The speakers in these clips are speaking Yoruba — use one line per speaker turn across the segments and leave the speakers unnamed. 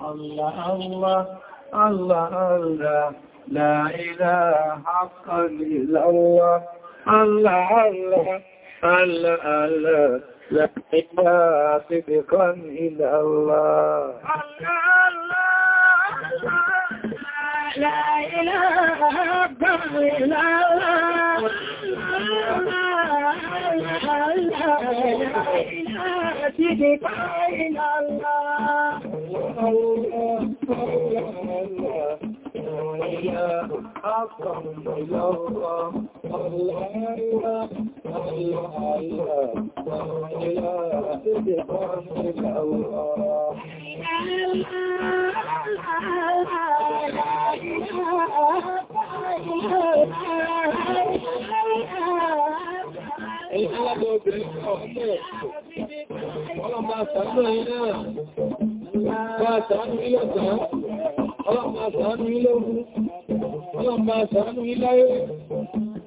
الله الله الله الله لا إله حق إلا الله الله الله الله الله لا إله صدقا إلا الله الله لا إله إلا الله صدق إلى الله الله الله الله Ọlọ́run máa ṣàánú ilé ogun, ọlọ́run máa ṣàánú ilé ayé,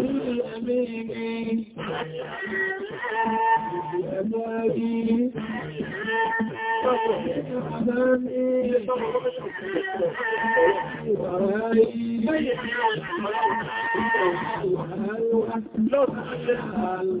الأمين أبادي أمامي ورائي وهل أكبر الحال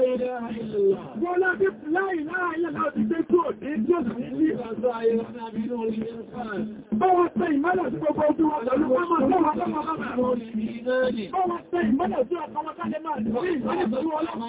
Bọ́lá bí láì láàáyé láti gbé tó ní tí ó sì ní Bọ́wọ́ tẹ ìmọ́lẹ̀ sí gbogbo ojú ọ̀dọ̀lú pọ́mọ̀ lọ́wọ́ lọ́wọ́ lọ́wọ́ Bọ́wọ́ tẹ ìmọ́lẹ̀ sí ọkọ̀ mọ́kànlẹ́ máa ní ìmọ́lẹ̀ sí ọlọ́pàá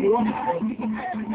Ìwọ́n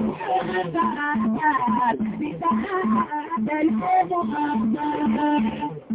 Thank you.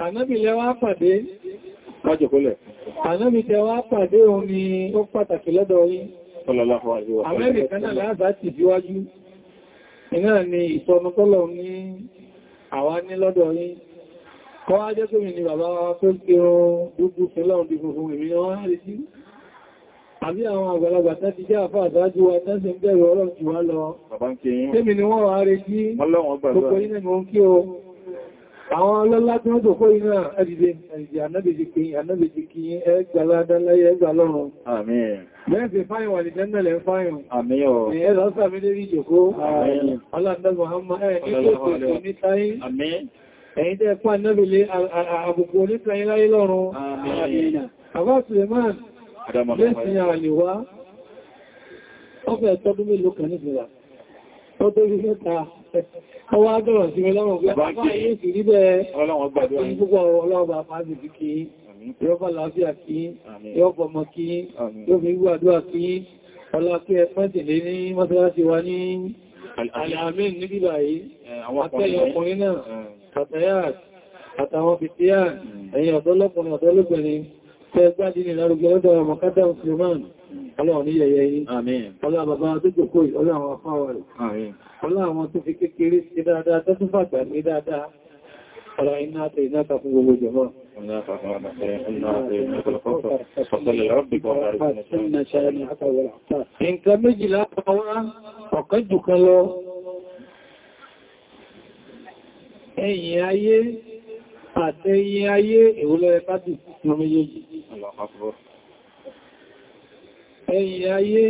Ànábì lẹ́wà pàdé, májòkólẹ̀. Ànábì tẹwà pàdé òun ni ó pàtàkì lọ́dọ̀ yín. Àmẹ́bì kanáà láàbá ti fíwájú, iná ni ìsọnukọ́lọ̀ ní àwa ní lọ́dọ̀ yín. Kọ́ àbí àwọn àgbàlagbà tán ti jẹ́ àfá àdájú wa tán sì ń bẹ̀rù ọlọ́run jù wá lọ tẹ́mi ni wọ́n rárẹ jí gbogbo iná ni wọ́n kí o àwọn ọlọ́lá tí wọ́n tòkó iná ẹ̀dìdẹ̀ ẹ̀dìdẹ̀ anábèjì kí anábèjì kí ẹgbàládáláyé ẹgbàlọ́run mẹ́rin fáyìn wà ní jẹ́mẹ̀lẹ̀ fáyìn ẹ̀rọ sàmílẹ̀ rí jòkó aláàdọ́gbọ̀n hàmà ẹ̀ ní tó tó ní táyí ẹ̀yìn tẹ́ pàdánàbìlẹ̀ àbùkù onítàyín láyé lọ́run àbá
lẹ́sìn
àyíwá ọfẹ́ tọ́dún mélòó kan nígbìyà ó tó rí mẹ́ta ọwọ́ agbọ́rọ̀ sí mi lọ́rùn pé àpá yìí sì rí bẹ́ẹ̀ púpọ̀ ọlọ́ọ̀bà fásitì kí yọ́bà láàáfíà kí yọ́bà ọmọ kí yọ́bà ìwàdúwà kí ọlá pé ẹ̀fẹ́tìlé ní mọ́sálásí wa ní alàmín níbi báyìí àtẹ́yìn ọkùnrin náà àtàyà àtàwọn fìtíyà mm. ẹ̀yìn ọ̀dọ́lọ́kùnrin ọ̀dọ́lọ́gbẹ̀rin Fẹ́gbádìí ni lárúgbẹ́ ọdọ́ ọmọ kádà Òsùlùmán, ọlọ́run ní yẹ̀yẹ̀ yìí. Àmín. Ọlá bàbá àdúgbò kó ọlá àwọn afáwà rẹ̀. Àmín. Ọlá àwọn tó fi kékeré sí dáadáa, tó tún fàgbà ní dáadáa. Ọlá iná àti ìnáta fún gbogbo jẹmọ́. Ọlá àwọn àti ìnáta fún gbogbo jẹmọ́. Ọlá àwọn àti ìnáta àtẹ́yìn ayé ìwòlẹ̀ pàtì mọ́ méjèèjì ẹ̀yìn ayé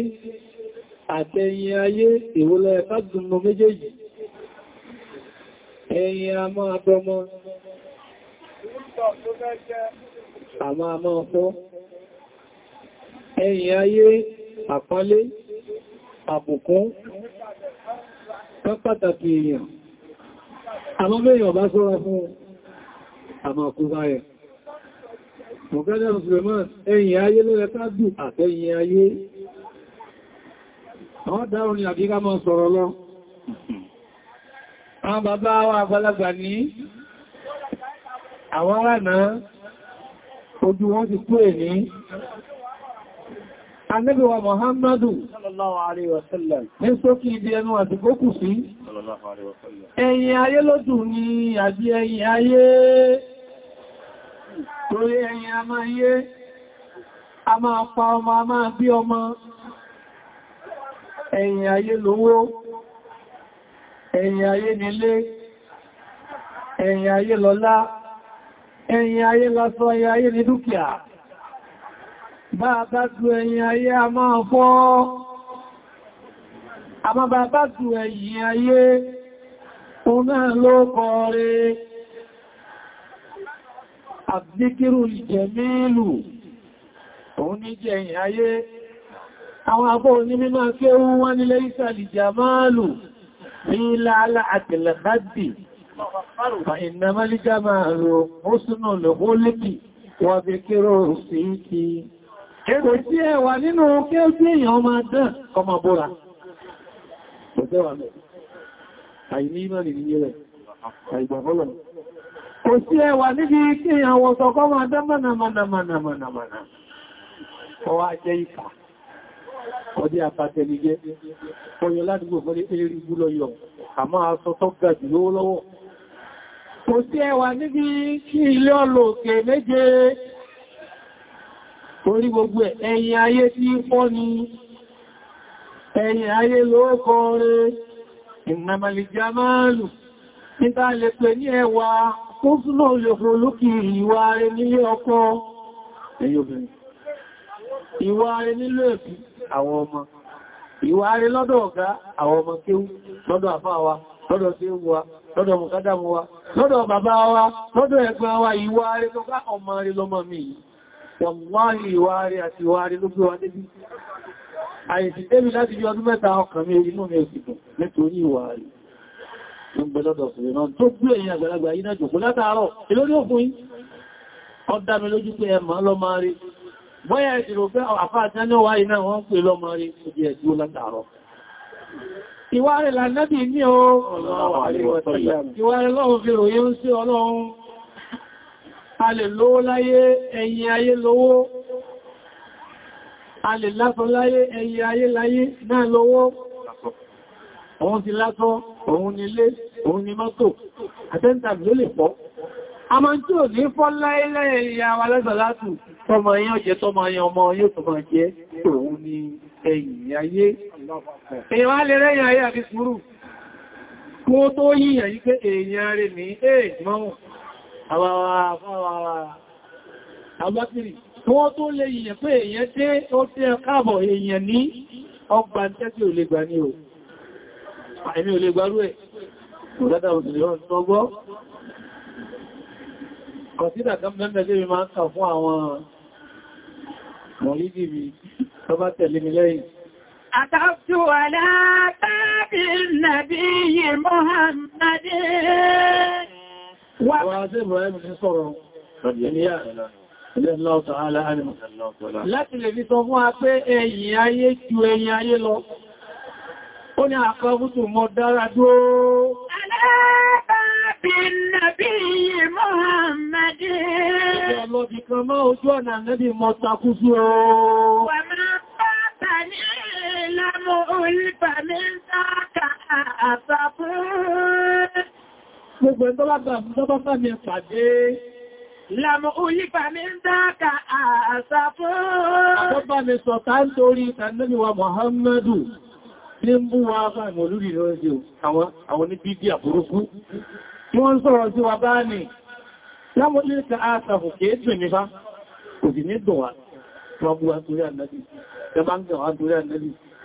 àtẹ́yìn ayé ìwòlẹ̀ pàtì mọ́ méjèèjì ẹ̀yìn àmọ́ àtọmọ́ àmọ́ àmọ́ ọ̀fọ́ ẹ̀yìn ayé àpọ́nlé àbùkún pẹ́ pàtàkì èèyàn àmọ́ mẹ́yàn bá sọ́ra fún un àmà kó báyẹ̀ mọ̀gádà Suleiman ẹ̀yìn ayé ló rẹ̀ká dù àtẹ́yìn ayé àwọn dáhùn ni àbíká mọ́ sọ̀rọ̀ lọ àwọn bàbá wa àgbàlagbà ní àwọn rànà ojú wọn ti kú è ní Ànábì wa Muhammadu sallallahu alaihi wasallam ní sókí ibi ẹnu àti gókù sí sallallahu alaihi wasallam ẹ̀yìn ayé lódù ni àbí ẹ̀yìn ayé torí ẹ̀yìn a máa yé a máa pa ọmọ a máa bí ọmọ ẹ̀yìn ayé lówó ẹ̀yìn ayé nílé ẹ̀yìn ayé lọ́lá ẹ̀yìn ayé lásán ẹ̀yìn ayé ní dúkìá bá bá ju ẹ̀yìn ayé a máa fọ́ àmọ́ bá bá ju ẹ̀yìn ayé òun náà ló kọ́ rẹ̀ àbíkírù ìjẹ̀mílù òun ní jẹ̀yìn ayé àwọn abọ́ ní mímọ̀ kí ó wọ́n nílé ìsàlì jàmáàlù ní láàlá àtìlẹ̀ bájì fa ìnàmálì jàmáàlù Kò sí ẹwà nínú kí ó sí èèyàn ọmọ dán kọmọ bóra. Kò sẹ́wà mẹ́. Àìní ìmọ̀ nìrí rẹ̀, àìgbàfọ́lọ̀. Kò sí ẹwà níbi kí èèyàn wọ sọ kọmọ dán mọ́nàmọ́nàmọ́nàmọ́nà. Ọwá jẹ́ ìkà. Ọdí àpàtẹnijẹ́. Oyọ ládùúgbò fọ́lé eré gúlọ yọ. Àmọ́ aṣọ tó ga jù lówó lọ́wọ́. Kò sí ẹwà níbi kí ilé ọlọ́ọ̀kẹ́ méje orí gbogbo ẹ̀yìn ayé tí ń fọ́ ni ẹ̀yìn ayé lóókọ rẹ̀ ìnàmàlì jamáàlù níta lè ní ẹwà ó súnà olèkùn olókìrì ìwà rẹ̀ nílé ọkọ ìwà rẹ̀ nílé ẹ̀bí àwọn ọmọ ìwà rẹ̀ lọ́dọ̀ ọ̀gá àwọn ọmọ kéwú lọ́dọ̀ àfáà lọ́dọ̀ lọ́dọ̀ wàláhì ìwárí àti ìwárí ló gbé wa débí àìsì tẹ́mi láti bí ọdún mẹ́ta ọkàn mi inú mi òsìkò nítorí ìwárí tó gbẹ́lọ́dọ̀ sílẹ̀ náà tó gbé èyàn àgbàlagbà yí náà jòkó látàárọ̀ ìlórí òfin ó dá mi lójú pé ẹmà lọ́mọ́rí bọ́yá ìdìrò pé àfáà tí wọ́n wáyé náà wọ́n pè lọ́mọ́rí ó di ẹ̀dúró látàárọ̀ ìwárí lànẹ́bì ní ó ọ̀lọ́wọ̀ àríwọ̀ tọ́lá ìwárí lọ́wọ́ fi ròyìn sí ọlọ́run a lè lówó láyé ẹ̀yìn ayé lówó a lè lásọ láyé ẹ̀yìn ayé láyé náà lówó òun ti lásọ òun nílé òun ni mọ́tò àtẹ́ntà ló lè pọ́ a máa tí ò ní fọ́ láyé lẹ́yìn ìyá wa lásàlátù tọmọ yẹn ọjẹ́ tọmọ yẹn ọmọ yóò tọmọ jẹ́ òun ni ẹ̀yìn ayé èèyàn á lè rẹ́yìn ayé àti sùúrù kó tó yíyàn yí pé èèyàn rẹ̀ ní èèyàn mọ́wọ̀n àbákìrì tí wọ́n tó lè yìnyẹ̀ pé èèyàn dé ó tẹ́ káàbọ̀ èèyàn ní ọgbà tẹ́ tí ò lè gbà ní o àìmí ò lè gbárú ẹ̀ ìrádà òsìlẹ̀ ọ̀n tó gbọ́ kọ̀sídà kan mẹ́mẹ́ lè máa ń kà fún àwọn mọ̀lídì mi tó bá tẹ̀lé mi lẹ́yìn Àtàkù aláàtàbí nàbí Muhammadin wà láti lè fi sọ fún wa pé ẹ̀yìn ayé ju ẹ̀yìn ayé lọ ó ní àkọ́bùtù mọ́ dára dúó alábàbìn nàbí Muhammadi ọlọ́bì kan mọ́ ojú ọ̀nà nẹ́bí mọ́ Gbogbo ẹ̀tọ́ bá bá fún tọ́bọ́ fẹ́ mi pàdé. Lámù òyípa mi ń dáka àṣà fún. Àtọ́bá mi sọ ká ń torí ìtànlẹ́miwa Mọ̀hámẹ́dù ní ń bú wa bá ìmọ̀ lórí ìrọ́jẹ́ àwọn ní bídí àbúrúkú. Wọ́n sọ̀rọ̀ sí wa bá ní. Lámù òyípa àṣà fún kìí dùn ní bá, kò sì ní dùn wa. Wọ́n bú wa torí ànẹ́bì. Ẹ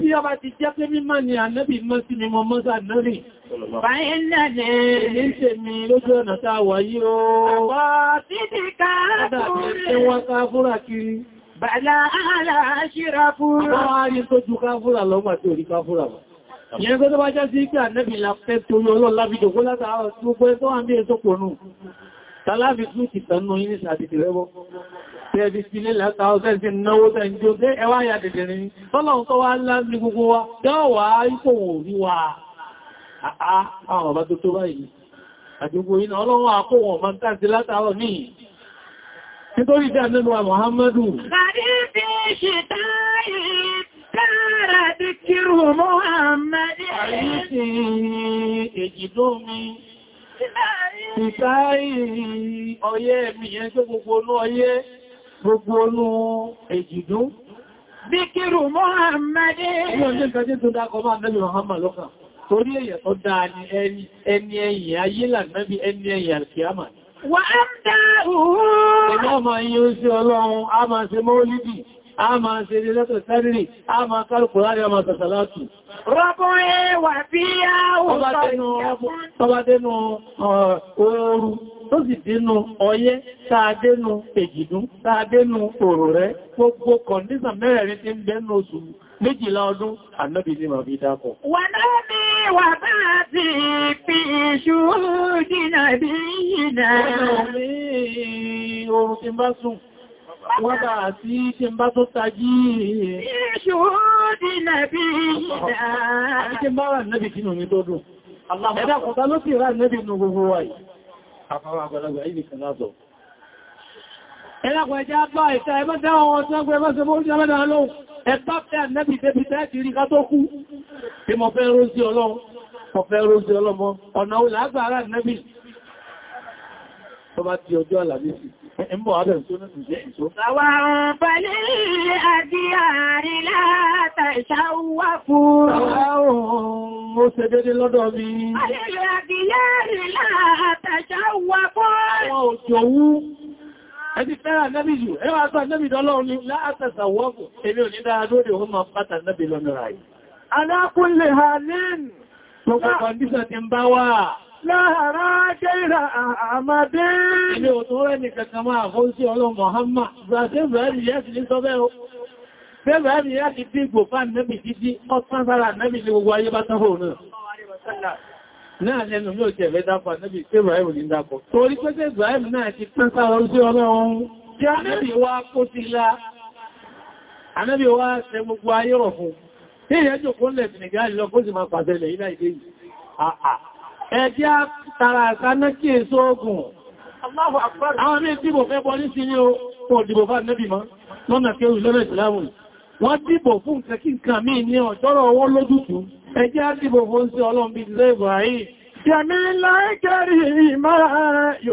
Tí ọba ti jẹ́ pé mímọ̀ ni ànábì mọ́ sí mímọ̀ mọ́sà lórí. Báyé náà ní ṣe mi lójú ọ̀nà tá wà yí o. Àpọ̀ títí káàkiri. Bàlá àlà ṣíra fúra. Àwọn àárín tó ju káfúra lọ́gbà tí ò rí káfúra bọ̀. Ìyẹn tó tó bá jẹ́ sí pé ànẹ́bì láfẹ́ torí ọlọ́lábìjò kó látàá ọ̀tí ó pẹ́ tó wà ní ètò pọ̀nù. Tàlábì tún ti tànú yìí ní sàtìtì tẹ́ẹ̀bí sí nílẹ̀ tàọ́sẹ́ sí náwó tẹ́ ń ẹwà ya dẹ̀dẹ̀rin tọ́lọ̀un tó wá ńlá gbogbo wa dẹ́ọ̀wà ipò wò rí wa àwọn ọba tó tó báyìí àjogbo iná ọlọ́wọ́ àkówọ̀ ọyẹ́ mi yẹn tó gbogbo ní ọyẹ́ gbogbo olú èjìdó bí kírù Mọ́hàmmadé ní ọjọ́ ìgbàjẹ́ tó dákọ máa nẹ́bí Mọ́hàmmà lọ́kà torí èyàn tó dáa ní ẹni ẹ̀yìn ayé lànàbí ẹni ẹ̀yìn alkiyama wà á ń dá òhun ẹ̀mọ́ ọmọ yíó sí ọlọ́run a máa ṣe bí i tó sì dínú ọyẹ́ sáadénú èjìdún sáadénú òrò rẹ̀ gbogbo kọ̀ndísà mẹ́rẹ̀rin tí ń bẹ́nu oṣù méjìlá ọdún ànábì ní màá fi dákọ̀. wà lábí wà bá ti fi ìṣú dínà bí ìdá oòrùn tí ń ló sì rà nábì gbogbo wáyìí àfáwà àgbàlagbà ìbì kan látọ̀. ẹlápọ̀ ẹjá bá ìta ẹmọ́ dáwọn wọn tó gbé mọ́sẹ̀ mọ́ orílẹ̀ mẹ́ta lọ́wọ́ ẹgbá fẹ́ nẹ́bì débi tẹ́ẹ̀tì rí ká tó kú tí mọ̀ fẹ́ rósí ọlọ́run ọ̀nà olàgbà ará nẹ́bì tó bá ti ọjọ́ àlàmísì Ìmọ̀ àdẹ̀ ìṣó ní ìṣẹ́ ìṣó. Àwọn ọ̀bẹ̀lẹ̀ àti ààrin látà ìṣàwà fún. Àwọn ó ṣe dédé lọ́dọ̀ mi. Àlẹ́lẹ́ àti láàrin látà ìṣàwà fún. Àwọn òṣòwú. Ẹni fẹ́ràn nẹ́bì jù, ẹwà àgbà nẹ́bì dọ́lọ́run ni látàṣà wọ́pù, èmi ò ní dáadó rẹ̀ wọ́n pátà nẹ́bì lọ́nà ráyìí. Alákùnlé ha ní láàrá jẹ́rà àmàdé. Ilé òtún rẹ̀ ní kẹta máa fún sí ọlọ́ Mọ̀hánmà, Brazil Bẹ̀rẹ̀ yẹ́ sí ní sọ́bẹ̀ o. Bẹ̀rẹ̀ yẹ́ sí bí gbò fán nẹ́bì títí, ọ̀tán sára nẹ́bì ní gbogbo ayé bá tán fò náà. Náà lẹ́nu ní òjẹ̀ rẹ̀ dápa nẹ́bì tí Ibrahim ní dápọ̀. Torí pé tẹ́ Ibrahim náà ti pẹ́ sára sí ọlọ́run. Jẹ́ anẹ́bì wá kó sí lá. Anẹ́bì wá ṣe gbogbo ayé rọ̀ fún. Tí ìyẹ́jò kó lẹ̀ sí ẹjẹ́ tààrà àṣánà kí èso ogun àwọn ní dìbò fẹ́ bọ́ ní sí ní o dìbò fà nẹ́bì mọ́ lọ́nà kéwù lọ́nà ìsìlámù wọ́n dìbò fún kẹkínkà mí ní ọ̀tọ́rọ̀ ọwọ́ lójútù ẹjẹ́ dìbò fún sí ọlọ́m̀bí lẹ́gbàáyì Jẹ̀mí láìkẹrì ìmá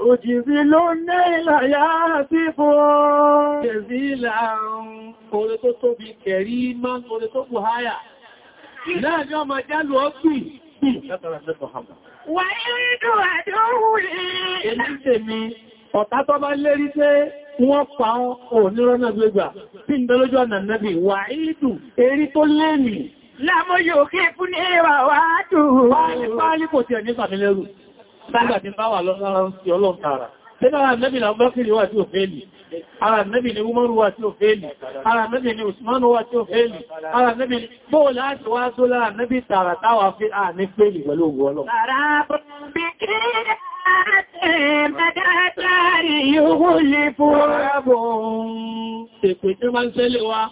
òjìzí ló ní ìlàyà sí fún. Jẹ̀zí láàrùn orí tó tóbi kẹrí máa ń orí tó kù háyà. Láàrin ọmọ jálù ọ́gbì, látara lẹ́tọ̀ hàmà wà nínú àdóhù rí. Èmi tèmi, ọ̀tá tó bá lérí pé wọ́n pa ọ̀ nírọ́nà gbégbà tí ń dọ́lójú ọ̀nà nẹ́bì wà ìdù erí tó lẹ́nì. Lámọ́ yóò kí fún ní ìwà wà dùn. Páálí páálí kò tiẹ̀ ní ìfàmílẹ́rù. Sáàgbà ti bá wà lọ́rọ̀ sí ọlọ́ntàrà. Tẹ́lá ara nẹ́bì ni Umaru wà tí ó fẹ́lì ara nẹ́bì ni Usmanu wà tí ó fẹ́lì ara nẹ́bì ni bóò láti wá tó lára nẹ́bì tààrà táwà fẹ́ à ní fẹ́lì pẹ̀lú ògùn ọlọ́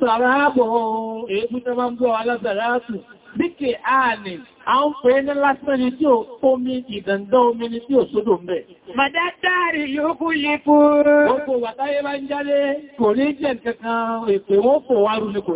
Sàrábùn èébú tẹ́ máa ń bọ́ alásàrásù bíkè ààlè àwọn pè ní lásán ni tí ó omi ìdàndọ́ omi ni tí ó sódò mẹ́. Màdátàrí yóò kú yí fún. Ó kò wà táyé bá ń jáde, kò ní jẹ́ nǹkankan èpè wọ́n fò wá rú ni kò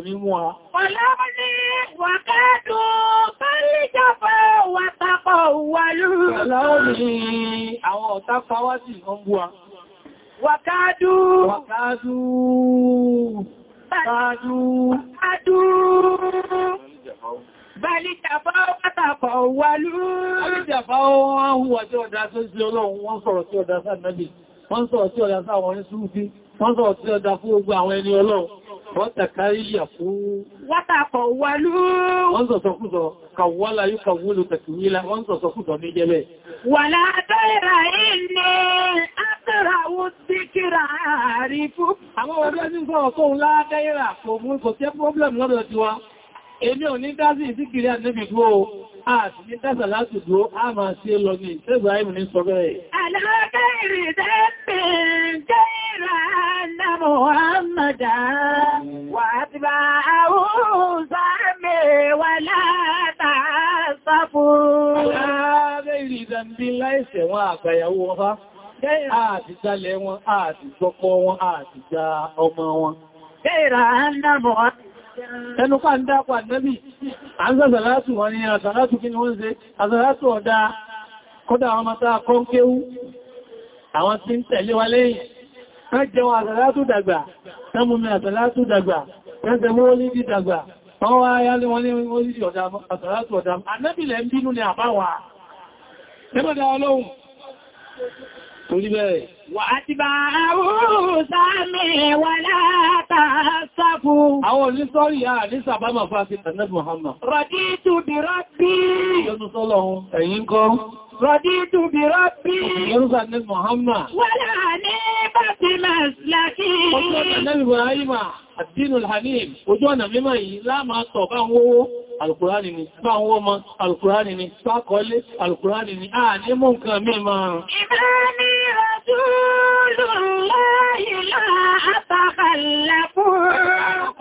Bàlí tàbá pàtàkọ̀ wà lúú. Àbí tàbá wọn hùwà tí ọ̀dá tó sí ọlọ́run wọ́n sọ̀rọ̀ tí ọ̀dá sáà nàbì, wọ́n sọ̀rọ̀ tí ọ̀dá sáà wọ́n súnfí, wọ́n sọ̀rọ̀ tí ọ̀dá fún ogun àwọn ẹni ọlọ́run. Wọ́n tàkárí yà fún. Wátàkọ̀ wà lúú. Wọ́n sọ̀sọ̀kúsọ̀ kàwọ́lá yóò kàwọ́lù tẹ̀kìwílá, wọ́n sọ̀sọ̀kúsọ̀ ní jẹ́lẹ̀. Wà látọ́ ìrà ìní, á tẹ́ra ó sí kíra àrífú. Àwọn ọ̀rẹ́ ní sọ̀rọ̀ tó ń lá èmi ò ní dásí ìsíkiri ànẹ́bì dúó àti ní dásà láti dúó a máa ṣe lọ ní ìṣẹ́gbà ìmù ní sọ bẹ́ẹ̀. Àlọ́gẹ́ ìrìnṣẹ́ Àti jalẹ̀ wọn, àti gbọ́kọ́ wọn, àti ja ọmọ wọn. Jẹ́ ìrànà Mùhàmmadà ẹnu pa ń dápọ̀ àdẹ́bì à ń sàzàlátù wọn ni àzàlátù kí ni wọ́n ṣe àzàlátù ọ̀dá kódà àwọn mata kọ́nkéwú àwọn tí ń tẹ̀lé wa lẹ́yìn wọ́n jẹun àzàlátù dàgbà tẹ́mùmí àzàlátù dàgbà tẹ́sẹ̀ mú olídì dàgbà wọ́n wá yálé wọn ní olídì àzàlátù ọ̀dá àdẹ́bìlẹ̀ ń bínú ni àbáwà وأتباعه سامي ولا تأسفوا أو نسوري يا نسا بما فاتن النبي محمد رضيت بربي ينص الله أينكم رضيت بربي ينص النبي محمد ولا نيبة مسلكي قلت النبي إبراهيم الدين الحنيف وجونا مما لا ما طبعا هو Alkùránì ni, bá ń wọ́ mọ́, Alkùránì ni, sákọ́lé, Alkùránì ni, àà ní mú nǹkan mímọ̀. Ìbá mi rọ̀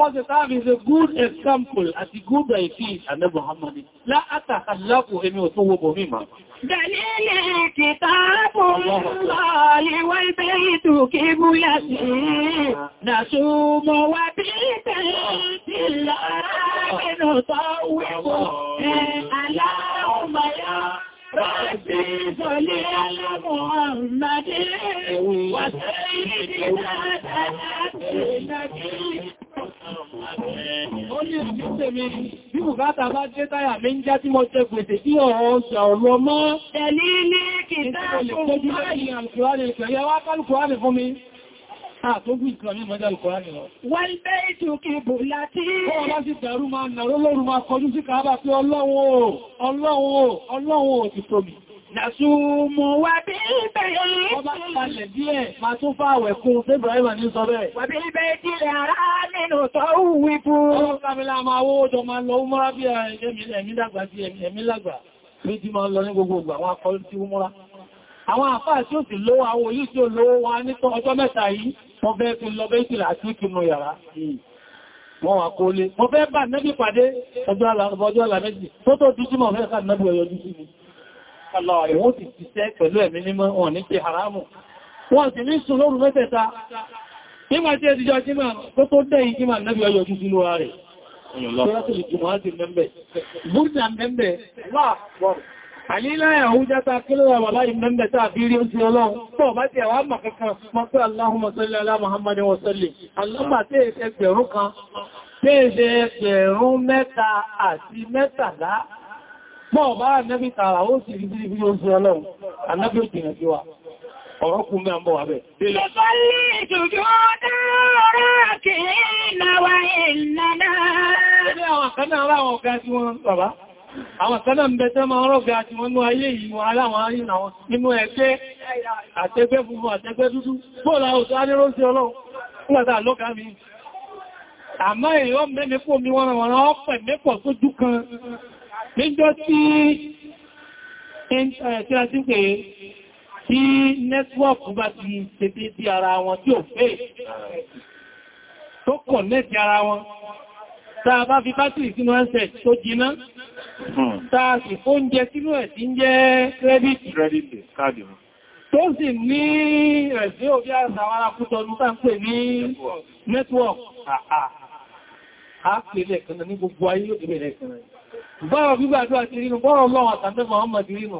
Because the time is a good example as the good I see and the Muhammad. La atakhallafu emi o towo bo mima. Dalili kitabun lali wal baytu kibulasi. Nasumu wa bitin illa minu tawibu. Allahumma ya صل على محمد وسيدنا نبينا Ó ní ìgbésẹ̀ mi, bí bùkátà bá jẹ́ táyà mi ń já tí mo jẹ gbèsè kí ọ̀rọ̀ ọ̀ṣà ọ̀rọ̀ mọ́. Tẹ̀lé ní kìí dáàbò máa yìí. Ìgbésẹ̀ mi, kò jùlọ ìyàn kìí wá ní ìpẹ̀lẹ̀ àtógún ìkan ní mọ́já ìkọ̀rání lọ. wọ́n bẹ́ ìtùkì bò láti ọwọ́ bá sì dàrú máa nàró lóru máa kọjú sí kàábà pé ọlọ́run ọlọ́run ọlọ́run ti tóbi Nàṣùmù wà bí bẹ̀rẹ̀ yìí. Ọba kalẹ̀ díẹ̀, máa tún fà àwẹ̀ kún fún Ibrahim ní sọ bẹ́ẹ̀. Wà bí bẹ̀rẹ̀ tí rẹ̀ ará nínú tọ́ wù ipú. Ọwọ́ Kamila máa wó ọjọ́ máa lọ múra bí ẹ̀mí dàgbà sí ẹ̀mí lágbà. Méjì máa lọ ní gbogbo ìgbà wọn akọrin tí ó múra. Àwọn àfáà tí ó sì lówó àwọn òyí tí ó lówó wọn ní ọjọ́ mẹ́ta yìí mo fẹ́ fi lọ bẹ́ ìtìlá sí ìkínú yàrá wọ́n wà kó lé mo fẹ́ bá nẹ́bí pàdé ọjọ́ alámẹ́jì tó tó díjú mọ̀ fẹ́ ká nẹ́bí ọyọ́ díjú ni wọ́n ti ti sẹ́ pẹ̀lú ẹ̀mí mímọ́ wọn ní pé haramu wọ́n sì ní sùn lóru mẹ́tẹ̀ta nígbà tí ẹ̀dìjọ́ jímà tó tó dẹ̀ yìí jímà nẹ́bí ọyọ́ díjú lóra rẹ̀ àlílá ẹ̀hún játa kílọ́wà wà láì mẹ́mẹ́ tàbí rí oúnjẹ ọlọ́run tó bá ti ẹ̀wà mọ̀kankan mọ́kún Allahumma salli ala Muhammadin wa sallim Allahumma tí èsẹ ẹgbẹ̀rún kan tí èsẹ ẹgbẹ̀rún mẹ́ta àti mẹ́tàlá mọ́ bá àwọn kan náà ń bẹ tẹ́ máa rọ́gbẹ́ àti wọn ní ayé yìí wọn aláwọn arìnà wọn nínú ẹgbẹ́ àtẹgbẹ́ funfun àtẹgbẹ́ dúdú bóòlà òtò adéròsí ọlọ́run nígbàtà lọ́gá mi àmá èèyàn mẹ́mẹ́ pò mi wọ́n wọ́n ọ́pẹ̀ mẹ́pọ̀ tó jú kan níjọ́ tí tí nẹ́tíwọ́ọ̀kù bá ti ṣe dé sí ara wọn tí ò fẹ́ tó kọ̀ nẹ́ti ara wọn táa bá fi bátìrì sínú ẹ́nsẹ̀ tó jiná hmm. táa sì oúnjẹ sínú ẹ̀ tí ń jẹ́ kírẹ́dìtì tó sì ní ẹ̀sí òbí àṣàwárá kútọlú tá ń pè ní network àpèlẹ̀ kan ní gbogbo ayé yóò dìbẹ̀rẹ̀ kan bọ́rọ̀ gbígbàdúrà ti rínú bọ́rọ̀ lọ́wọ́ àtàndẹ́fà ọmọ ti rínú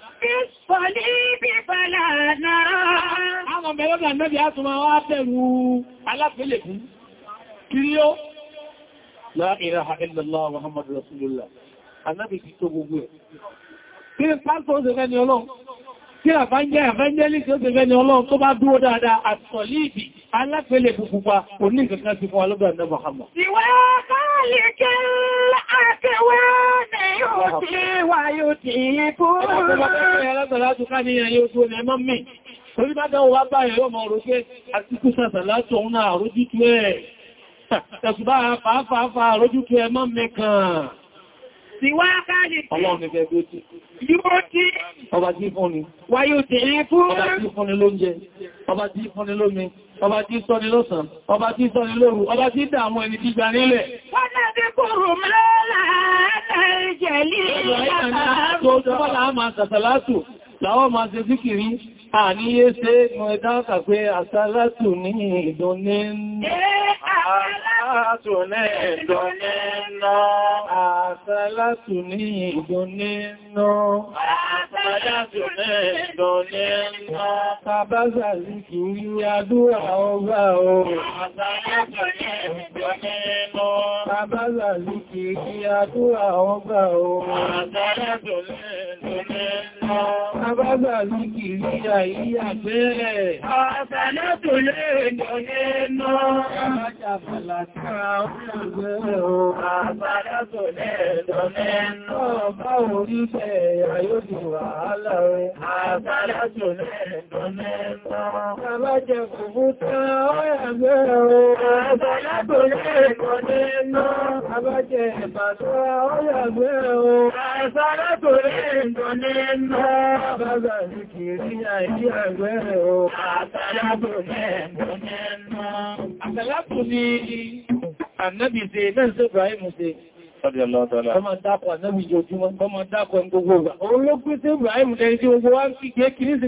fi sọ̀lí bí fẹ́lá náà. Àwọn mẹ́lọ́dà mẹ́bí á tún máa wá bẹ̀rù aláfẹ́lẹ̀ fún. Kí ni pásítọ̀ ó ọlọ́run? tó bá dúró dáadáa àtọ̀lí ìbì aláfẹ́lẹ̀ funfun pa ti fún alọ́gbà yóò Orí bá dánwò wá báyìí lọ́mọ òròṣẹ́ àti kúsà sàlátọ̀ òun náà àrójútú ẹ̀. Tẹ̀sùbá fàáfàáfà àrójútú ẹ mọ́ mẹ́kàn. Ìwá káàdì. Ọlọ́run ní fẹ́ bí ó ti. Yóò tí. Ọba tí fún ni. Wà yóò tí ẹ fún. Ọba tí fún ni lóúnjẹ. Ọba tí fún ni lómi. Ọba tí sọ ni lọ́sàn. Ọba tí sọ ni lóru. Ọba tí dààmú ẹni tí gba nílẹ̀. Wọ́n náà dé kòrò mẹ́lá àníyé ṣe mọ̀ ẹ̀dá kàpé àsálátù ní ìdúnní àsálátù ní ìdúnní náà àsálátù ní ìdúnní náà àsálátù ní ìdúnní náà tàbázà sí kì í rí ọgbà o àsálátù ní ìdúnní náà bàbá lè kí kí àdúrà ọgbà ohun àtàràtò lẹ́ẹ̀lẹ́ bàbá lè kí ríra ìyà bẹ́ẹ̀ àtàràtò lẹ́ẹ̀lẹ́ náà jàbàlá kára ọgbẹ̀ ohun àtàràtò lẹ́ẹ̀lẹ́ náà báwo rí bẹ́ẹ̀ ayóbi wàhálà rẹ̀ àtàràtò lẹ́ẹ̀lẹ́ náà bàbá jẹ́ kò fún tán ọ̀yà bẹ́ẹ̀ ohun àtàràtò lẹ́ẹ̀lẹ́ náà Abájẹ́ ìpàtọ́ ọlọ́gbẹ́ o, àìsàrẹ́ tó lè ìjọ nínú ọbábà sí kìí àìjí àgbẹ́ o, àtàrà tó lè ìjọ nínú. Àtàrà tó ní ànábì ṣe náà sí Ibrahim ṣe. Kọ́mọ dákọ̀ ànábì jẹ ojúmọ́, kọ́mọ dákọ̀ gbogbo ọgbà. Òun ló pín sí Ibrahim lẹ́yìn tí gbogbo wá ń kíkẹ́ kìí sí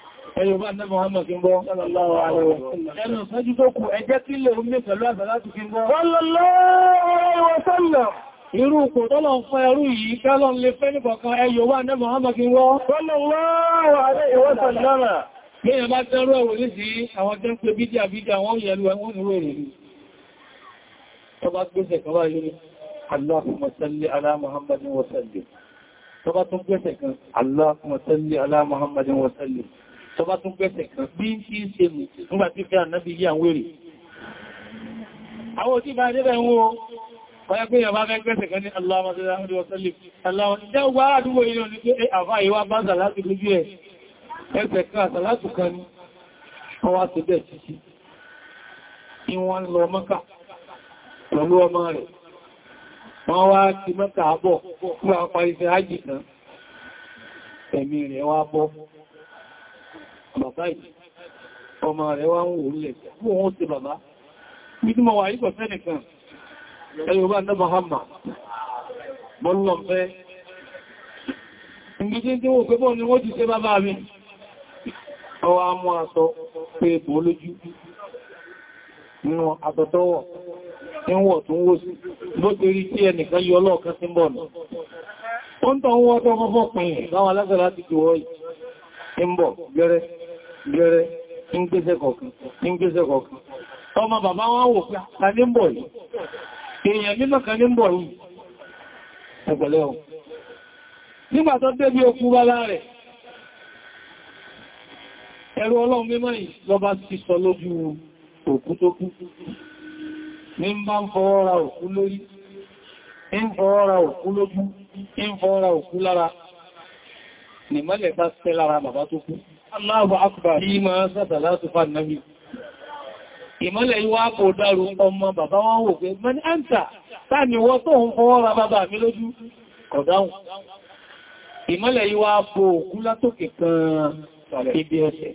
ẹ̀yọ̀ bá nẹ́bọ̀ Muhammad kí ń bọ́ ẹnu sọ́jú tó kù ẹjẹ́ kí lè rú mé pẹ̀lú àsàlátù kí ń bọ́ irú kò tọ́lọ̀ fún ẹrú yìí kẹ́lọ lè fẹ́ nìkọ̀kan ẹ̀yọ̀ wà nẹ́bọ̀ Muhammad kí ń wọ́ Béèyàn bá tẹ́rọ ẹ̀wò ní àwọn jẹ́ ń pè bídíà bídíà wọ́n yẹ̀lú ẹ̀wọ́n ìrò ìrìn. Tọba gbéṣẹ̀ tó bá tún gbẹ́sẹ̀ kan bí kí í ṣe mú nígbà tí fẹ́ ànábì yí àwọn èrè àwọn òtí bá débẹ̀ ń wo ọya pé yàbá fẹ́ gbẹ́sẹ̀ kan ní Allahumma salli alaihi wa sallim aláwọ̀ jẹ́ wà àdúgbò ilé òní pé àfá ìwà bá sàlátù lójú kan sàlátù kan ní ọwá tó bẹ̀ títí ìwọ̀n lọ mọ́kà pẹ̀lú ọmọ rẹ̀ wọ́n ẹ̀mí rẹ̀ wá bọ́ bàbá yìí ọmọ rẹ̀ wá ń wò lẹ̀ kí wọ́n ṣe bàbá bí tí mo wà yíkọ̀ fẹ́ nìkan ẹ̀yọ̀ bá náà Mahama bọ́lọ̀ fẹ́ ìgbìtí tí wọ́n pẹ́bọ́ ni wọ́n ti ṣe bàbá mi ọwọ́ amú aṣọ pé bò lójú nínú àtọ̀tọ́wọ̀ tí wọ́n tún wó sí bó ti tí ẹnìkan yọ ọlọ́ọ̀kan sí bọ̀ náà ó ń tọ́ wọ́n tọ́ fọ́fọ́ pẹ̀yìn láwọn alágbàlá ti jù wọ́ gẹ́rẹ́ ń gbéṣẹ́ kọ̀ọ̀kan ọmọ bàbá wọn wò pé àkàlé ń bọ̀ yìí èèyàn nínú kàlé ń bọ̀ yìí ẹgbẹ̀lẹ́ ọ̀ nígbà tó dé bí okú bá láàrẹ̀ ẹ̀rọ ọlọ́run mímọ́ yìí lọba ti sọ lójú òkú tó kú ní bá ń fọwọ́ ra òkú lórí ń fọwọ́ ra òkú lójú ń fọwọ́ òkú lára nìmọ́lẹ̀ bá sẹ́ lára bàbá tó kú Allahu akbar yìí máa sàtà láti fà náàbì. Ìmọ́lẹ̀ ìwá kò dárò ọmọ bàbá wọn wò pé, mẹ́ni àǹtà táàmì wọ́n tó ń fọwọ́ ra bàbá mi lójú kọ̀dáhùn. Ìmọ́lẹ̀ ìwá bò òkú kan ibi ẹsẹ̀.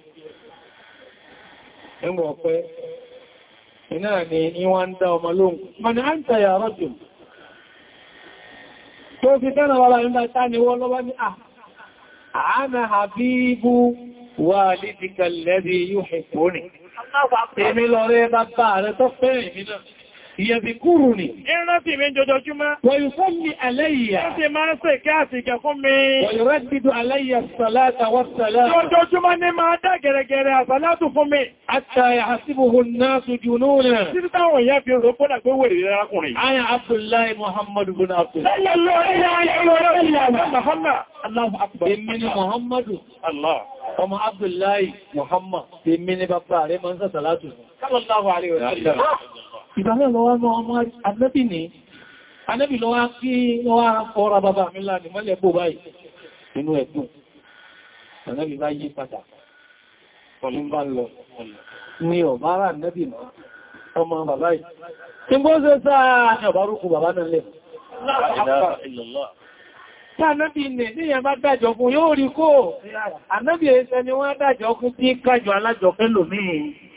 ni ìwá ń dá ọmọ lóhùn. Mẹ́ni àǹtà yà rọ́jùm. Tó fi tẹ́nà wọ́n lọ́wọ́ ní àná àbíbú walidika alladhi yuhibbuni. Èmi lọ rẹ bàbá rẹ tó fẹ́rẹ̀ mi náà. Ìyẹ̀bìkúrù ni. Ẹran fi mi jọjọjúmọ́. Wọ̀yí fún mi aláìyà. Ó ti máa ń ṣe ìkẹ́ àti ìkẹ́ fún mi. Wọ̀yí rẹ́dìdò aláìyà sàlátà wà sàlátà. Jọjọjúmọ́ ni máa dá gẹ̀rẹ̀gẹ̀rẹ̀ àsàlátù fún mi. Àtàyà àsìbòhò náà sojú náà. Títí àwọn èèyàn fi rò pọ́nà pé wèrè rákùnrin. Aya Ọmọ Abdullahi Muhammad, èmi ni bàbá rẹ̀ máa ń sàtàlátù. Sallallahu alaihi wa sallam ìbára lọ wá mọ́ ọmọ àdẹ́bì ní àdẹ́bì lọ wá kí wọ́n wá fọ́ra bàbá mi láàrin mọ́lẹ̀ bò báyìí inú ẹ̀gbùn àdẹ́bì bá yí padà pọ̀lú bá lọ ní ọ̀bára àdẹ́bì ọmọ bàbá yìí tí bó ṣe sáà ní ọ̀bárúkú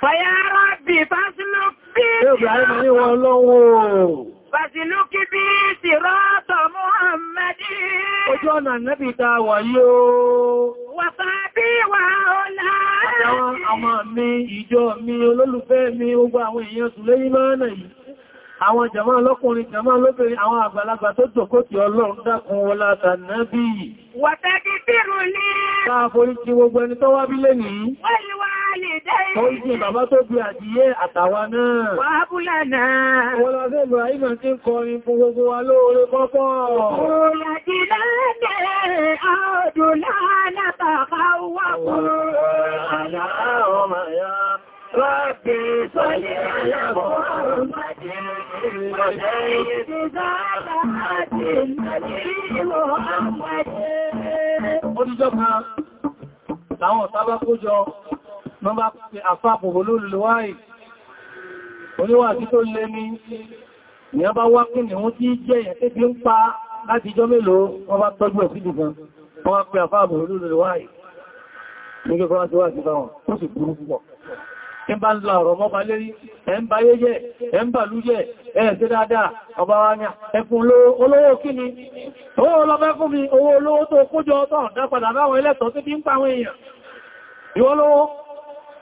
Fàyàrá bí fásilúkì bí Ibrahim ní wọn lọ́wọ́. Fásilúkì bí sirata Muhammadi. Ojú ọ̀nà nẹ́bí ta wà yóò. Wàfà bí wà ọ̀lá. Àtàwọn ọmọ mi, ìjọ mi, olólùfẹ́ mi, gbogbo àwọn èèyàn sùn lẹ́yìn mọ́nà yìí. Àwọn jàmá lọ́kùnrin, jàmá lóbìnrin, àwọn àgbàlagbà tó jòkó tí Ọlọ́run dákun wọlá tànàbí. Wàtàkì fèrò ní. Káà forí gbogbo ẹni tó wá bí Wọ́n Orí ni bàbá tó bí àdìyẹ àtàwà náà. Wà á búlà náà. Wọ́n lọ sí Ibrahim tí ń kọrin fún gbogbo wa lóore pọ́pọ̀. Òyàjì lẹ́gbẹ̀ẹ́ àòdùn láàrín àtàkà wà fún àyà ọmọ ya wọ́n bá pè àfáàpù olóòlùwáì oníwà tí tó lé ní ni a bá wá kí ni wọ́n tí jẹ́ èyàn tí fi ń pa láti jọ mélòó wọ́n bá tọ́jú ẹ̀ sí dìkan wọ́n wá pè àfáàpù olóòlùwáì ní kí fọ́nà tí wà sí báwọn ó sì burú púpọ̀ olówó kí ni owó ọlọ́fẹ́ fún mi owó olówó tó kójọ ọ̀tọ̀ dápadà láwọn ẹlẹ́tọ̀ọ́ tí bí ń pa èèyàn ìwọ́lówó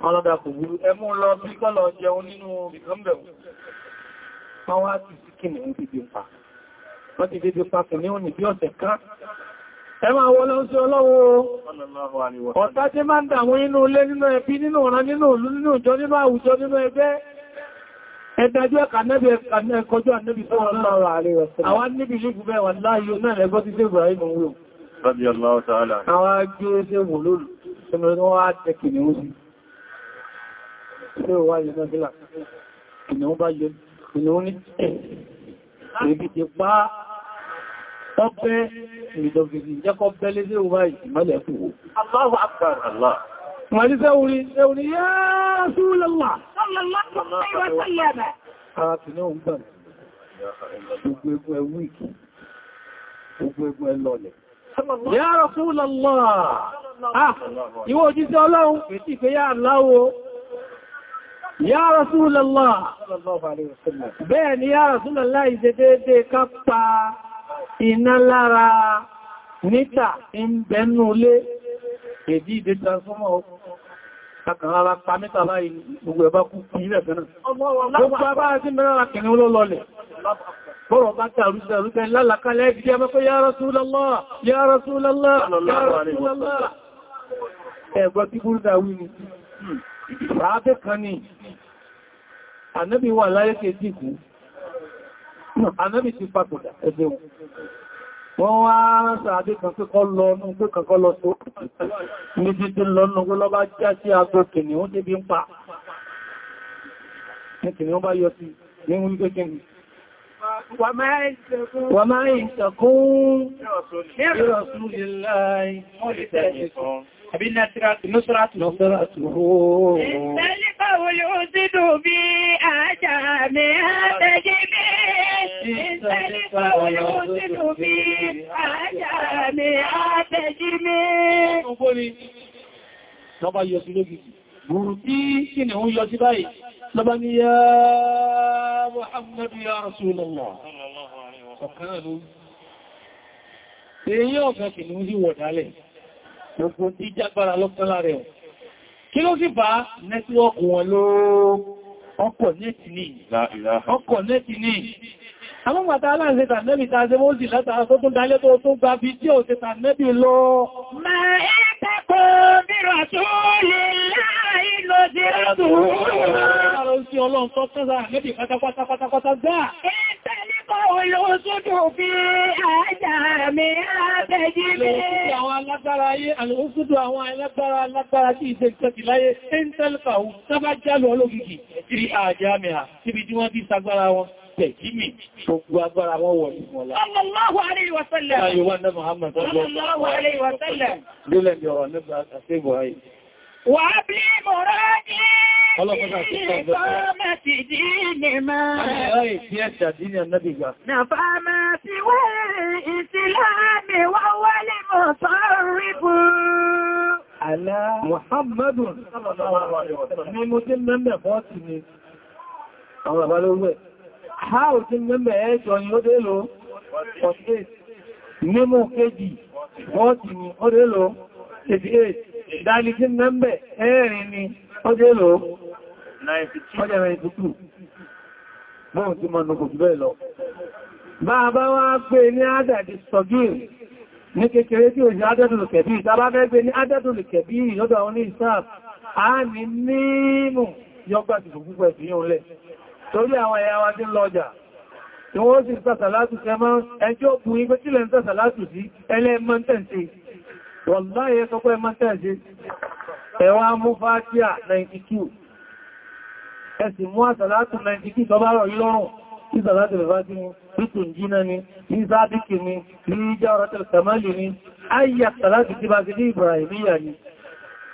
ọlọ́dà kò gúrú ẹmú lọ bí kọ́lọ̀ jẹun nínú ìgbẹ̀mù wọ́n wá ti sí kìnnì ń dìde pa wọ́n ti dìde pa kìnnì ò ní bí ọ̀sẹ̀ ká ẹ máa wọ́n lọ́n sí ọlọ́wọ́ ọ̀tá tí máa ń dàmú inú ilé nínú ẹbí nínú ọ̀ràn nínú ìlú nínú ìjọ nínú àwùjọ nínú ẹgbẹ́ ẹdájú ẹ̀kà nẹ́bẹ̀ ẹ̀kọjọ́ ànẹ́bì sọ́rọ̀ àwọn níbi ṣíkú bẹ́ẹ̀ wà láàáyò náà ẹgbọ́ ti sẹ́gbà ìmú wò pé ó wá yìí náà ìnáwó bá yọ ìnáwó ní ẹ̀bí ti pa ọpẹ́ ìdọ̀gbìrì jẹ́kọ́ bẹ́lé sí ọwá ìmọ́lẹ̀ fòwò. Allahu Akbar Allah. Wọ́n ní fẹ́ orí ẹ̀orí yáà sí ọlọ́lá. Ara ti náà ń gbàmù. Gbogbo egun ẹ wíkì, gbogbo egun ẹ lọlẹ̀. Ya Rasulullah! Ah, ìwọ òjíṣẹ́ Ọlọ́run, ètí ìfẹ́ yá Ya Rasulullah, bẹ́ẹ̀ ni Ya Rasulullah ìṣe dédé ká pa iná lára níta ń bẹnú lé èdí ìdé transformer kàkàrà la pa mítà láì gbogbo ẹ̀bá kú fún ilẹ̀ fẹ́nà. Gbogbo abá sí mẹ́rẹ́ la Bọ́rọ̀ bá tà rúsẹ̀ rúsẹ̀ lálàkalẹ̀ ẹgbẹ́ mẹ́kọ́ ya Rasulullah, ya Rasulullah, ya Rasulullah. Ẹgbẹ́ kí búrúdà wí ni. Ràábẹ́ hmm. kan ni, Ànábì wà láyé kí èdè kú. Ànábì ti papòdà ẹgbẹ́ wọ́n wá ránṣà àdé kan pé kọ́ lọ ọdún pé kankan lọ tó ní títí lọ́nà pé lọ́bá já sí agbó kìnnìún débi ń pa ní kìnnìún bá yọ sí ní wọ́n pé kí wà máa ń ṣàkún ìrọ̀súnlélàí mọ́lítẹ̀ẹ́sùn مئة جبين استلف ويوسف في حاجة مئة جبين Lọ́bá yọ sí lógi, gùrù tí kí ni Èyí ọ̀kan kì ní ó sí wọ̀dálẹ̀, gbogbo tí jágbára lọ́pẹ́lá rẹ̀. Kí ló sì bá nẹ́tíwọ́kù wọn lóòó ọkọ̀ nẹ́tì ní ọkọ̀ nẹ́tì ní àwọn pàtà aláàrẹ tàbí tàbí ó sì látara tó tún dálé tó tún gba bí tí ó ti tàbí lọ máa ẹ́tẹ́kọ́ mírọ̀ tó lè láì lọ sí Ọ̀rọ̀ sódò fi àjà mi àbẹ̀jì mi. Àwọn alágbára ayé, àwọn sódò àwọn alágbára alágbára tí ìṣe ìtẹ́kì láyé, ń tẹ́lẹ̀kà òun, tábá jálù ọlọ́gìgì, tí àjà mi à, síbi tí wọ́n ti sagbára wọn tẹ̀jímì gbogbo agbára wọn wọ̀ ní mọ́lá. Sallallahu alaihi wa sallam. Ayọ̀wà náà Muhammad sallallahu alaihi wa sallam. Lólẹ̀ bí ọ̀rọ̀ nípa àṣẹ́gbọ̀ ayé. Wà á bí mọ̀rọ̀ ní Ọlọ́pàá ti sọ ọ̀dọ́. Fáàmà ti dí ní máa. Ọ̀rẹ́ ìfí ẹ̀ṣà dí ní ọ̀nàbí gbà. Nà fáàmà ti wé ìsìláàmì wá wálé mọ̀ sọ́rí bú. Àlá Mùhàmmádùn ní mo ti mẹ́mẹ́ fọ́ọ̀tì ni. Àwọn bàbá ló wẹ̀. Ha ò ti mẹ́mẹ́ ẹ̀ṣọ́ ni ó dé lò. Mímú kejì fọ́ọ̀tì ni ó dé 88. Ìdálí ti mẹ́mẹ́ ẹ̀rin ni ó dé 92 bọ́n tí mọ́ nùkù bẹ́ẹ̀ lọ bá bá wá pé ní àdàdì sọ̀gíìn ní kékeré tí ò ní àdàdùn kẹ̀bí ìtàbá fẹ́ pé ní àdàdùn kẹ̀bí ìyọ́dọ̀ àwọn ní ìsáàf a ní mímù yọgbà ti fò púpọ̀ sí yóò lẹ̀ torí àwọn ẹ̀yà wa tí ń lọ́jà tí wọ́n sì sàtàlátù kẹmọ́ ẹjọ́ òkùnrin pé kílẹ̀ ń sàtàlátù sí ẹlẹ́mọ́ tẹ̀sí wọ̀lá ẹ̀ẹ́ sọ pé ẹmọ́ tẹ̀sí ẹwà mú fátíà 92 ẹ̀sì mú àtàlátù 90 ìjọba rọ̀ lọ́rùn ìsàlátù bẹ̀bá tí rítù jína ni ní sábíkì ni ní ìjá ọ̀rọ̀tẹ̀ sàmálì ni ayé àtàlátù tí bá ti ní ìbrahimiyya ni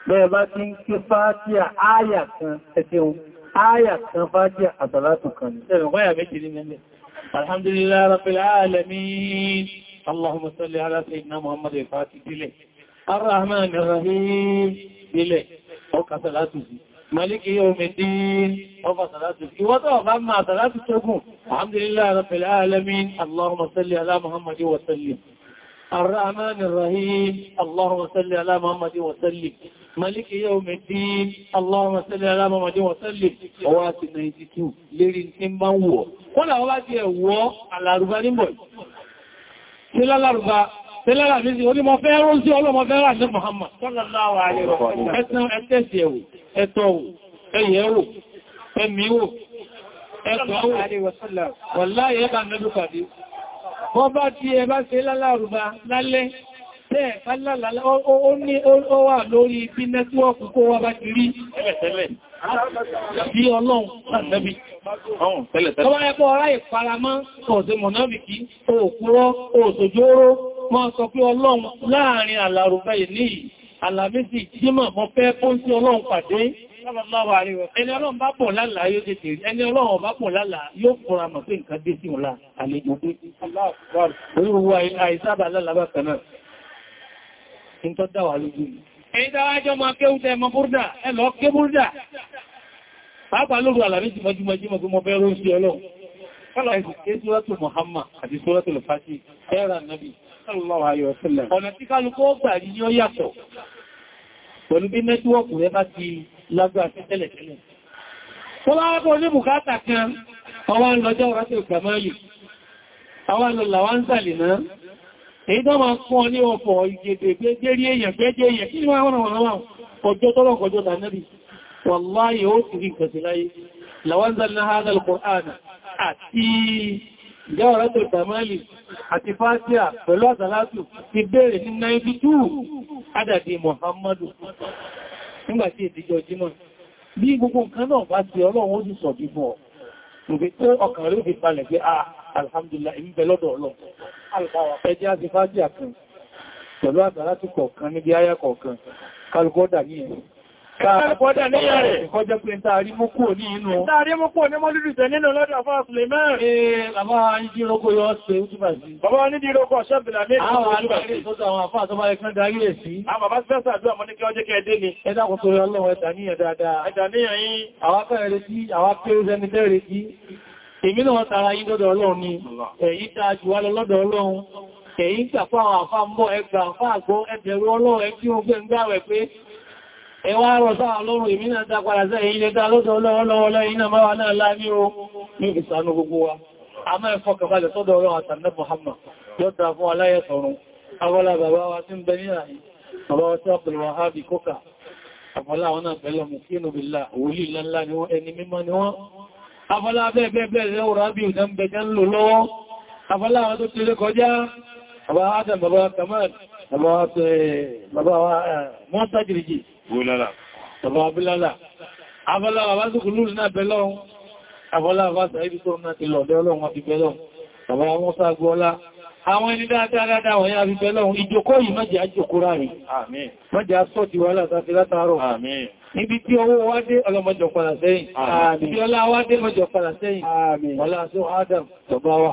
bẹ̀ẹ̀bá tí ń kí fàátíà áyà kan ẹ̀tẹ̀un áyà kan fàátíà àtàlátù kan Ọkà Salatu sí. Màlíkì omi dí ọba sàlátù. Ìwọ́n tó ọba máa sàlátù tókùn, alhamdulillah rabbil alamin, Allahumma salli ala Muhammadin wa sallim. الرحمن الرحيم اللهم صل على محمد وسلم ملك يوم الدين اللهم صل على محمد وسلم واسي 92 lérí tí ń bá ń wọ̀. Kọ́lá ọlá ti ẹ̀wọ́ alárùbá níbọ̀. Tí lálárùbá tẹ́lára mi sí onímọ̀ fẹ́ rún sí ọlọ́mọ fẹ́ rà ní Muhammad sallallahu alaihi wa sallam ẹ̀sìn ẹ̀tẹ́sì ẹ̀wò ẹ̀tọ́ wò ẹ̀yẹ̀ wò ẹ̀mí wò ẹ̀tọ́ wò wọ̀láyé ẹ̀bà mẹ́lúkàdé wọ́n bá ti ẹbá ṣe lálàrùbá lálẹ́ ó wà lórí bí nẹ́tíwọ́ọ̀kù kó wá bá ti rí tẹ́lẹ̀tẹ́lẹ̀ bí ọlọ́run tàbí tẹ́lẹ̀tẹ́lẹ̀ máa sọ pé ọlọ́run láàrin àlàrùfẹ́ ìní àlàmísì jímọ̀ mọ́ fẹ́ kó sí ọlọ́run pàdé ẹni ọlọ́run bá pọ̀ lálàá yóò tètè rí ẹni ọlọ́run bá pọ̀ lálàá yóò fúnra mọ̀ pé nǹkan dé sí ọ̀la àlejò pé orúwú àìsábà lálàbà kan náà kí n tọ́ dá wà lójú ẹni dáwájọ́ máa kéhùtẹ́ mọ́ búrúdà ẹ lọ ké búrúdà pàápàá lóru àlàmísì mọ́júmọ́júmọ́ pé mọ́ fẹ́ rọ́ sí ọlọ́run sallallahu alaihi wasallam ọ̀nà tí kálukọ́ gbà rí ní ó yàtọ̀ pẹ̀lú bí nẹ́tíwọ́pù rẹ bá ti lágbà sí tẹ́lẹ̀tẹ́lẹ̀ tó láwọ́pọ̀ ní bùkátà kan àwọn lọ́jọ́ rátẹ̀ ìgbàmáyì àwọn lọ́làwà ń sàlẹ̀ náà Ìjáwọ̀rẹ́ tó ìtàmọ́lì àti Fátíà pẹ̀lú àsàlátù ti bẹ̀rẹ̀ ní 92 Adàdì Mọ̀hánmọ́dù nígbàtí ìdíjọ jímọ̀. Bí gbogbo nǹkan náà bá ti ọlọ́run ó sì sọ bí bọ̀. Mùgbé tó ọkàn rí fi balẹ̀ pé, ah, alhamdulillah, ìbẹ̀ lọ́dọ̀ ọlọ́run. Alùpàwà fẹ́ jẹ́ àti Fátíà kan pẹ̀lú àsàlátù kọ̀ọ̀kan níbi Káàkọ́dá níyà rẹ̀ kọjọ́ pé tààrí mú kò ní inú. Tààrí mú kò ní mọ́lúdù tẹ nínú lọ́dọ̀ fún Suleiman. Ee, bàbá Nídìrókò yọ́ ṣe útùbà sí. Bàbá Nídìrókò ṣẹ́bìnà mẹ́rin. Àwọn àdúgbà sí. Àwọn àfáà tó bá ẹ̀kan darí rẹ̀ sí. Àwọn bàbá Sẹ́sà àdúgbà mọ́ ní kí ọjọ́ kẹ́ dé ni. Ẹ dákùn torí ọlọ́wọ́ ẹ̀dà níyà ẹwà rọ̀sá lọ́rùn ìmìnà dápàdà sí ẹ̀yìn lẹ́ta lọ́sọ̀ lọ́wọ́lọ́wọ́ iná máa náà láàrin o ní ìsànú gbogbo wa a máa fọkànbalẹ̀ sọ́dọ̀ ọ̀rọ̀ àtàndẹ́ Muhammad yọ́ta fún aláyẹ̀sọ̀rún awọ́lá bàbá wa tí ń bẹ ní àyí bàbá wa tí Abdul Wahhab kókà àfọlá àwọn náà pẹ̀lú mùsùlùmí bílá wòlí lọ́lá ni wọ́n ẹni mímọ́ ni wọ́n afọlá bẹ́ẹ̀bẹ́ẹ̀ lẹ́wọ̀rọ̀ bí ìdán bẹ̀jẹ́ ń lò lọ́wọ́ afọlá àwọn gólálà bàbá abúlálà abọ́lá bàbá tó kùlú náà bẹ̀lọ́ abọ́lá bàbá sàídì tó náà ti lọ̀dẹ́ ọlọ́run àti bẹ̀lọ́ bàbá wọn sáàgbọ́lá àwọn ẹni dáadáa wọ̀nyá àti bẹ̀lọ́ ìjòkó yìí mẹ́jẹ̀ àjòkóra rẹ̀ mẹ́jẹ̀ àsọ́ ti wà látàfi látàárọ̀ níbi tí owó wádé ọlọ́mọjọ padà sẹ́yìn ibi ọlá wádé mọjọ padà sẹ́yìn ọlá Adam tọba wa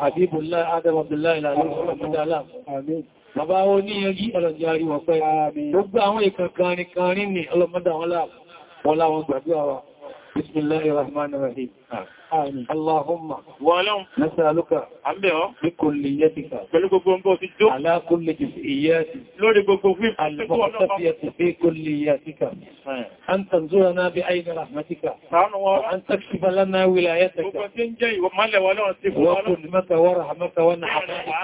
Adam Abdullahi lalẹ́ ọlọ́mọdé bàbá wọn ní ẹgí ọlọ́dí àríwọ̀ pẹ́ gbogbo àwọn ìkan kanrin kanrin ni ọlọ́mọdà wọn láwọn gbàgbé wa bismillahirrahmanirrahim ah. اللهم ولهم نسألك بكليتك على كل جزئياتك المختفية في كلياتك أن تنظرنا بعين رحمتك وأن تكشف لنا ولايتك وقدمك ورحمك ونحمتك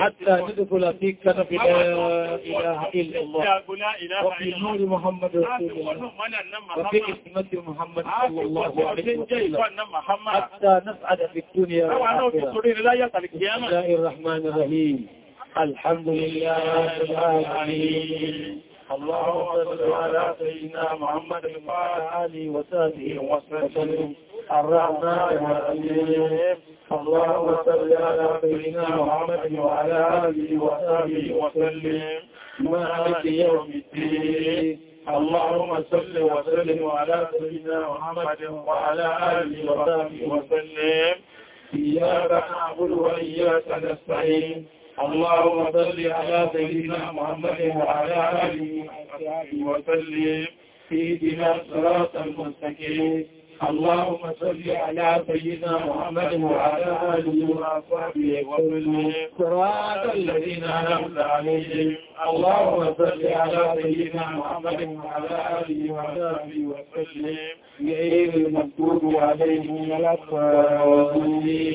حتى ندخل في كنف لا إله إلا الله وفي نور محمد رسول الله وفي اسمة محمد صلى الله عليه وسلم أن محمد حتى نسعد في الدنيا بسم الله الرحمن الرحيم الحمد لله رب العالمين اللهم صل على سيدنا محمد وعلى آله وصحبه وسلم الرحمن الرحيم
اللهم صل على سيدنا محمد وعلى آله وسلم
مالك يوم الدين اللهم صل وسلم على سيدنا محمد وعلى آله وصحبه وسلم إياك نعبد وإياك نستعين اللهم صل على سيدنا محمد وعلى آله وصحبه وسلم اهدنا الصراط المستقيم اللهم صل على سيدنا محمد وعلى آله وصحبه وسلم الذين أنعمت عليهم اللهم صل على سيدنا محمد وعلى آله وصحبه وسلم غير المكتوب عليه ولا الضالين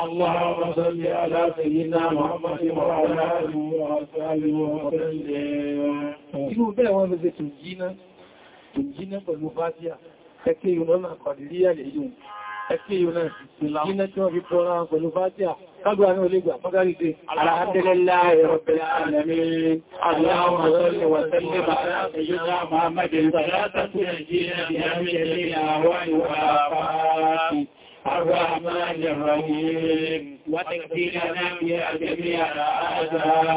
اللهم صل على سيدنا محمد وعلى آله وصحبه وسلم Irú bẹ́ẹ̀ wọ́n bẹ̀rẹ̀ tó jíná, ẹkí ìrùn náà kọ̀dìríyà lè yìí ẹkí ìrùn náà iná tí wọ́n fi pọ̀rọ̀ àwọn pẹ̀lú fátíà kágbà ní olégbà mọ́gáríte alhamdulillahi allahumma salli wa min jami'il ahwa'i wal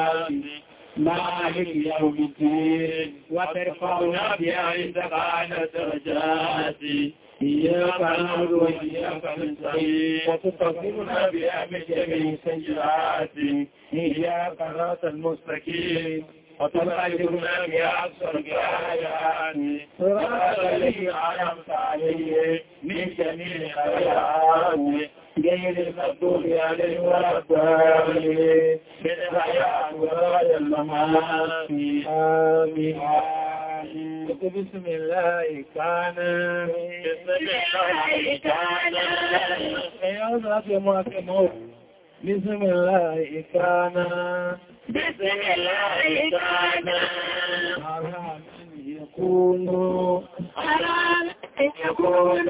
afat
مالك يوم
الدين وترفعنا بها عند بعد درجاتي إياك نعبد وإياك نستعين وتقدمنا بأمر من جميع السيئات إياك صراط المستقيم وتبعدنا بها أكثر صراط الذي أنعمت عليه من جميع الآيات غير المغضوب عليهم ولا الضالين بالحياة ولا الممات آمين بسم الله كان بسم الله كان يا ذات ما كموت بسم الله كان
بسم الله كان حرام يكون حرام يكون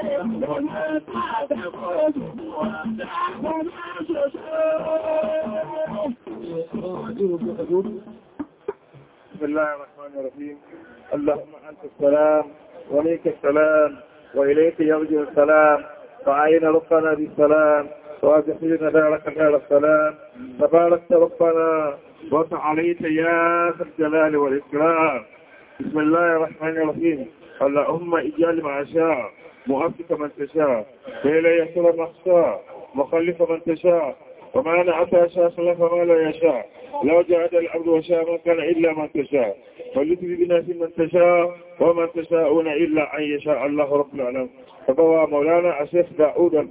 بسم الله الرحمن الرحيم اللهم أنت السلام وليك السلام وإليك يرجع السلام وعين ربنا بالسلام وأدخلنا دارك دار السلام تباركت ربنا وتعاليت يا ذا الجلال والإكرام بسم الله الرحمن الرحيم اللهم اجعل ما شاء مؤبك من تشاء وإلى يحصل مخصاء مخلف من تشاء وما أنا أتى شاء خلف ما لا يشاء لو جعد العبد وشاء ما كان إلا من تشاء فليتري بناس من تشاء وما تشاءون إلا أن يشاء الله رب العالمين فبوى مولانا الشيخ داود